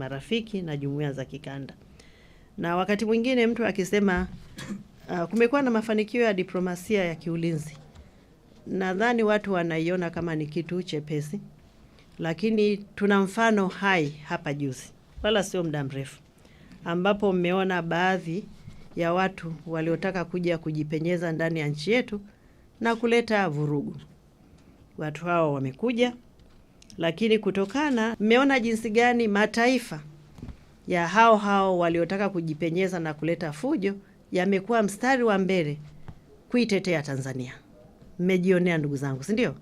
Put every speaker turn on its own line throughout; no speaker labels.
marafiki na jumuiya za kikanda. Na wakati mwingine mtu akisema uh, kumekuwa na mafanikio ya diplomasia ya kiulinzi, nadhani watu wanaiona kama ni kitu chepesi, lakini tuna mfano hai hapa juzi, wala sio muda mrefu, ambapo mmeona baadhi ya watu waliotaka kuja kujipenyeza ndani ya nchi yetu na kuleta vurugu. Watu hao wamekuja lakini kutokana, mmeona jinsi gani mataifa ya hao hao waliotaka kujipenyeza na kuleta fujo yamekuwa mstari wa mbele kuitetea Tanzania. Mmejionea ndugu zangu, si ndio?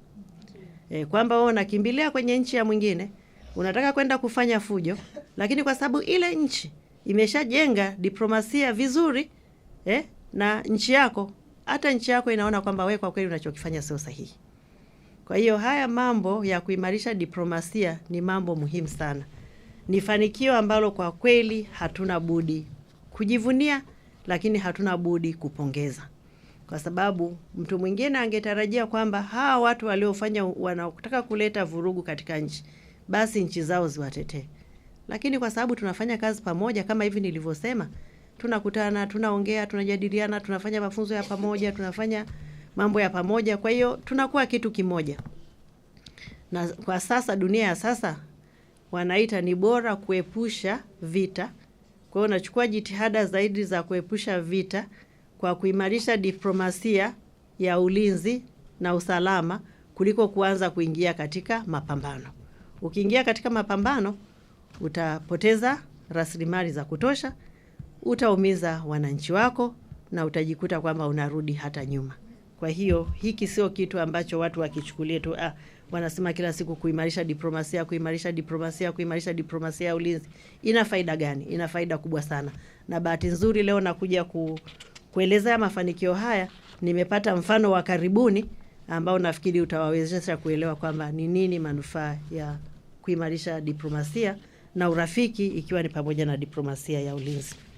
E, kwamba wewe unakimbilia kwenye nchi ya mwingine unataka kwenda kufanya fujo, lakini kwa sababu ile nchi imeshajenga diplomasia vizuri eh, na nchi yako hata nchi yako inaona kwamba wewe kwa kweli unachokifanya sio sahihi. Kwa hiyo haya mambo ya kuimarisha diplomasia ni mambo muhimu sana, ni fanikio ambalo kwa kweli hatuna budi kujivunia, lakini hatuna budi kupongeza, kwa sababu mtu mwingine angetarajia kwamba hawa watu waliofanya wanaotaka kuleta vurugu katika nchi, basi nchi zao ziwatetee, lakini kwa sababu tunafanya kazi pamoja kama hivi nilivyosema, tunakutana, tunaongea, tunajadiliana, tunafanya mafunzo ya pamoja, tunafanya mambo ya pamoja. Kwa hiyo tunakuwa kitu kimoja, na kwa sasa dunia ya sasa wanaita ni bora kuepusha vita. Kwa hiyo nachukua jitihada zaidi za kuepusha vita kwa kuimarisha diplomasia ya ulinzi na usalama kuliko kuanza kuingia katika mapambano. Ukiingia katika mapambano utapoteza rasilimali za kutosha, utaumiza wananchi wako na utajikuta kwamba unarudi hata nyuma. Kwa hiyo hiki sio kitu ambacho watu wakichukulia tu ah, wanasema kila siku kuimarisha diplomasia, kuimarisha diplomasia, kuimarisha diplomasia ya ulinzi. Ina faida gani? Ina faida kubwa sana, na bahati nzuri leo nakuja ku, kuelezea mafanikio haya. Nimepata mfano wa karibuni ambao nafikiri utawawezesha kuelewa kwamba ni nini manufaa ya kuimarisha diplomasia na urafiki ikiwa ni pamoja na diplomasia ya ulinzi.